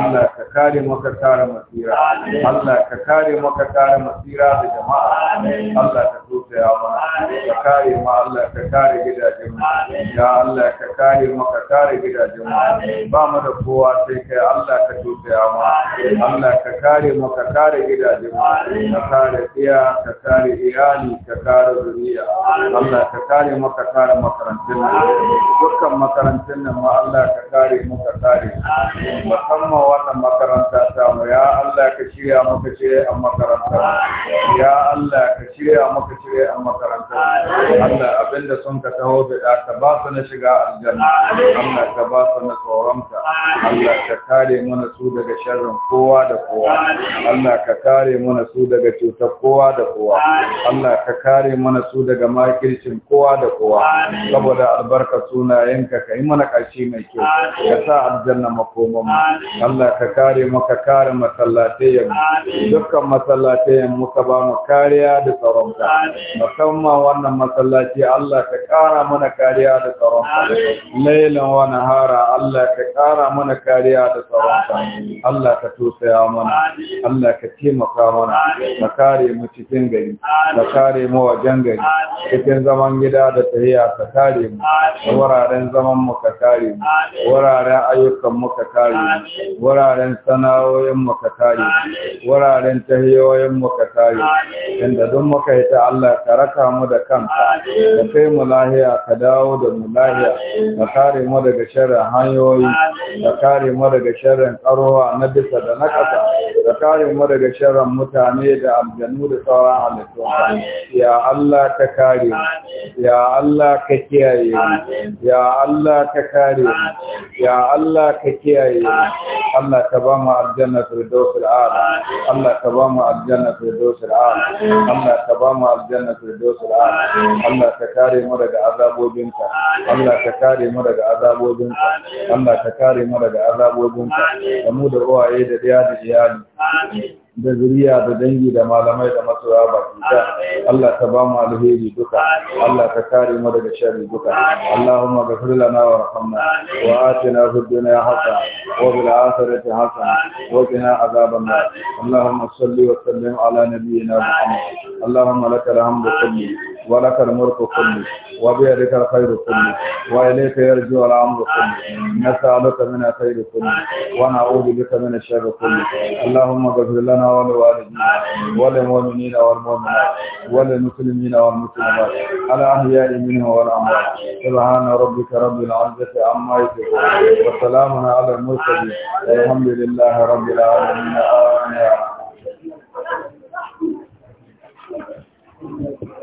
Allah ka kare mu ka kare masira Allah ka kare mu ka kare gyara masira da jama'a Allah ka tausaya mana ka kare ma Allah ka kare gidajen mu ya Allah ka kare mu ka kare gidajen mu ba mu da kowa sai kai Allah ka tausaya mana Allah ka kare mu ka kare gidajen mu ka kare iya ka kare iyali ka kare duniya, Allah ka kare mu ka kare makarantun dukkan makarantun nan ma Allah ka kare mu ka kare musamman wannan makaranta ta mu ya Allah ka shirya maka shirya a makaranta ya Allah ka shirya maka cire a makaranta Allah abinda sun ka taho da ka ba su na shiga aljanna Allah ka ba su na tsoronka Allah ka kare mana su daga sharrin kowa da kowa Allah ka kare mana su daga cutar kowa da kowa Allah ka kare mana su daga makircin kowa da kowa saboda albarka sunayenka ka yi mana ƙarshe mai kyau ka sa aljanna makomanmu Allah ka kare maka kare masallatai dukkan masallatai ɗayan muka ba mu kariya da tsaronka musamman wannan masallaci Allah ka ƙara mana kariya da tsaronka lailan wa hara Allah ka ƙara mana kariya da tsaronka Allah ka tosaya mana Allah ka taimaka mana na kare mu cikin gari na kare mu wajen gari cikin zaman gida da tahiya ka kare mu wuraren zaman mu ka kare mu wuraren ayyukan mu ka kare mu wuraren sana'o'in mu ka kare mu wuraren tahiyoyin mu ka kare mu. inda duk muka yi ta Allah ka raka mu da kanka ka kai mu lahiya ka dawo da mu lahiya ka kare mu daga sharrin hanyoyi ka kare mu daga sharrin karowa na bisa da na ƙasa ka kare mu daga sharrin mutane da aljanu da sauran halittu ya Allah ka kare kare ya Allah ka kiyaye ya Allah ka kare ya Allah ka kiyaye Allah ka ba mu aljanna firdausul a'la Allah ka ba mu aljanna firdausul a'la Allah ka ba mu aljanna firdausul a'la Allah ka kare mu daga Allah ka kare mu daga azabobinka Allah ka kare mu daga azabobinka da mu da uwaye da daya da iyali amin da zuriya da dangi da malamai da masoya baki da Allah ta ba mu alheri duka Allah ta kare mu daga sharri duka Allahumma ghfir lana wa rahmna wa atina fid dunya hasana wa fil akhirati hasana wa qina azaban nar Allahumma salli wa sallim ala nabiyyina Muhammad Allahumma lakal hamdu kullu ولك الملك كله وبيدك الخير كله وإليك يرجع الأمر كله نسألك من الخير كله ونعوذ بك من الشر كله اللهم اغفر لنا ولوالدينا وللمؤمنين والمؤمنات وللمسلمين والمسلمات الأحياء منهم والأموات سبحان ربك رب العزة عما يصفون وسلام على المرسلين الحمد لله رب العالمين آمين Thank you.